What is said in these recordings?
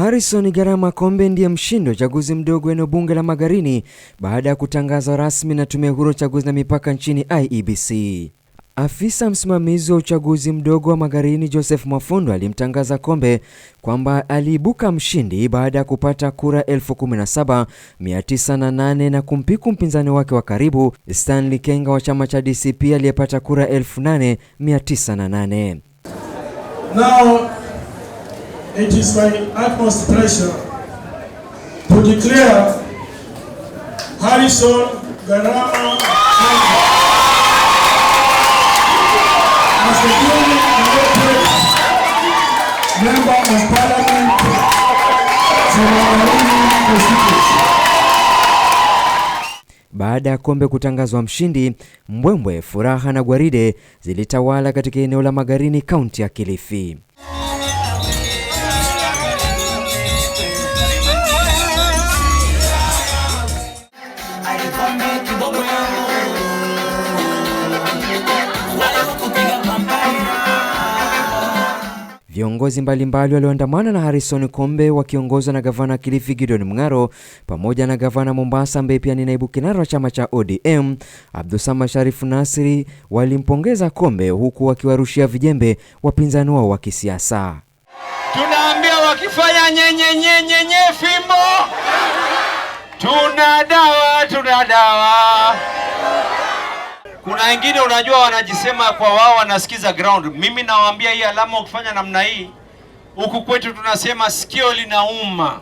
Harrison Garama Kombe ndiye mshindi wa uchaguzi mdogo eneo bunge la Magarini baada ya kutangazwa rasmi na Tume Huru ya Uchaguzi na Mipaka nchini IEBC. Afisa msimamizi wa uchaguzi mdogo wa Magarini Joseph Mwafundo alimtangaza Kombe kwamba aliibuka mshindi baada ya kupata kura 17908 na kumpiku mpinzani wake wa karibu Stanley Kenga wa chama cha DCP aliyepata kura 8908. Now it is my utmost pleasure to declare Harrison Garama as the duly elected member of parliament for Magarini constituency. Baada ya kombe kutangazwa mshindi, mbwembwe, furaha na gwaride zilitawala katika eneo la Magarini, kaunti ya Kilifi. Viongozi mbalimbali walioandamana na Harrison Kombe wakiongozwa na gavana Kilifi Gideon Mng'aro pamoja na gavana Mombasa ambaye pia ni naibu kinara wa chama cha ODM Abdulsama Sharifu Nasri walimpongeza Kombe huku wakiwarushia vijembe wapinzani wao wa kisiasa. Tunaambia wakifanya nyenye nyenye nye fimbo, tuna dawa, tuna dawa kuna wengine unajua, wanajisema kwa wao wanasikiza ground. Mimi nawaambia hii alama, ukifanya namna hii, huku kwetu tunasema sikio linauma,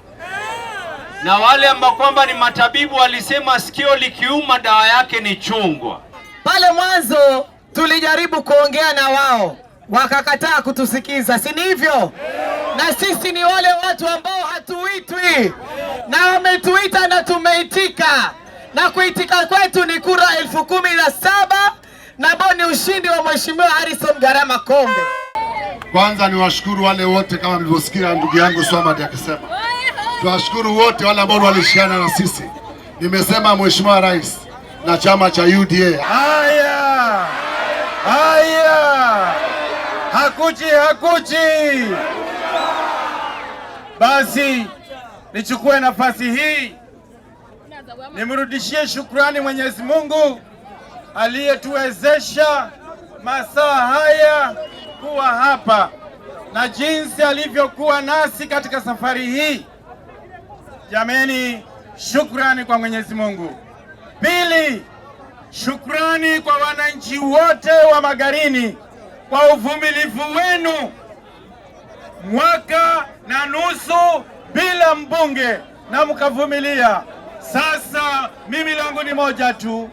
na wale ambao kwamba ni matabibu walisema sikio likiuma dawa yake ni chungwa. Pale mwanzo tulijaribu kuongea na wao wakakataa kutusikiza, si ni hivyo? Na sisi ni wale watu ambao hatuitwi, na wametuita na tumeitika na kuitika kwetu ni kura elfu kumi na saba na ambao ni ushindi wa Mheshimiwa Harrison Garama Kombe. Kwanza niwashukuru wale wote, kama mlivyosikia ndugu yangu Swamad akisema, tuwashukuru wote wale ambao walishiana na sisi. Nimesema Mheshimiwa Rais na chama cha UDA, haya haya, hakuchi hakuchi. Basi nichukue nafasi hii Nimrudishie shukrani Mwenyezi Mungu aliyetuwezesha masaa haya kuwa hapa na jinsi alivyokuwa nasi katika safari hii. Jameni, shukrani kwa Mwenyezi Mungu. Pili, shukrani kwa wananchi wote wa Magarini kwa uvumilivu wenu. Mwaka na nusu bila mbunge na mkavumilia. Sasa mimi langu ni moja tu,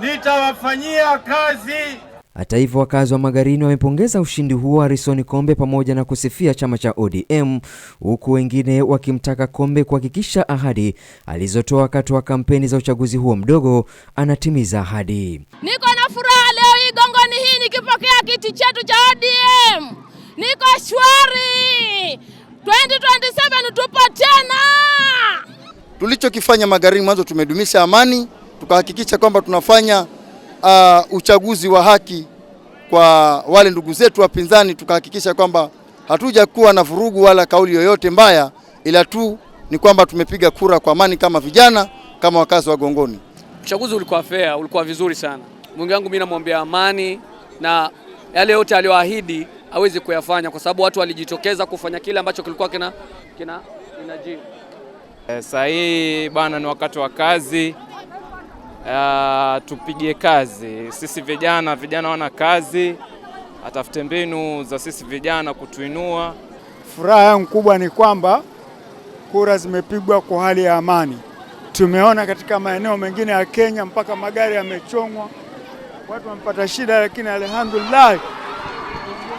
nitawafanyia kazi. Hata hivyo, wakazi wa Magarini wamepongeza ushindi huo Harrison Kombe pamoja na kusifia chama cha ODM, huku wengine wakimtaka Kombe kuhakikisha ahadi alizotoa wakati wa kampeni za uchaguzi huo mdogo anatimiza ahadi. Niko na furaha leo hii Gongoni hii nikipokea kiti chetu cha ODM, niko shwari 2027 tupo tena. Tulichokifanya magharibi mwanzo, tumedumisha amani, tukahakikisha kwamba tunafanya uh, uchaguzi wa haki kwa wale ndugu zetu wapinzani, tukahakikisha kwamba hatujakuwa na vurugu wala kauli yoyote mbaya, ila tu ni kwamba tumepiga kura kwa amani kama vijana, kama wakazi wa Gongoni. Uchaguzi ulikuwa fair, ulikuwa vizuri sana. mwingi wangu mimi namwombea amani na yale yote aliyoahidi aweze kuyafanya, kwa sababu watu walijitokeza kufanya kile ambacho kilikuwa kina kina, kina E, eh, saa hii bwana, ni wakati wa kazi. E, tupige kazi sisi vijana. Vijana wana kazi, atafute mbinu za sisi vijana kutuinua. Furaha yangu kubwa ni kwamba kura zimepigwa kwa hali ya amani. Tumeona katika maeneo mengine ya Kenya mpaka magari yamechongwa, watu wamepata shida, lakini alhamdulillah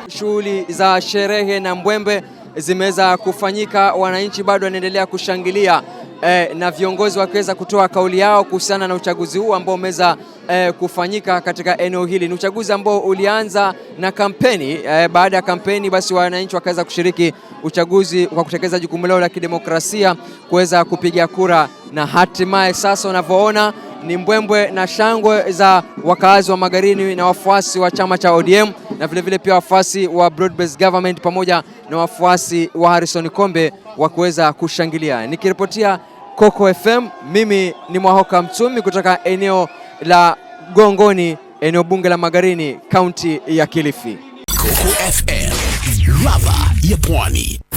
shughuli za sherehe na mbwembe zimeweza kufanyika, wananchi bado wanaendelea kushangilia e, na viongozi wakiweza kutoa kauli yao kuhusiana na uchaguzi huu ambao umeweza e, kufanyika katika eneo hili. Ni uchaguzi ambao ulianza na kampeni e, baada ya kampeni basi wananchi wakaweza kushiriki uchaguzi kwa kutekeleza jukumu lao la kidemokrasia kuweza kupiga kura, na hatimaye sasa unavyoona ni mbwembwe na shangwe za wakazi wa Magarini na wafuasi wa chama cha ODM na vilevile pia wafuasi wa Broadbase Government pamoja na wafuasi wa Harrison Kombe wa kuweza kushangilia. Nikiripotia Coco FM, mimi ni Mwahoka Mtumi kutoka eneo la Gongoni, eneo bunge la Magarini, kaunti ya Kilifi. Coco FM, ladha ya Pwani.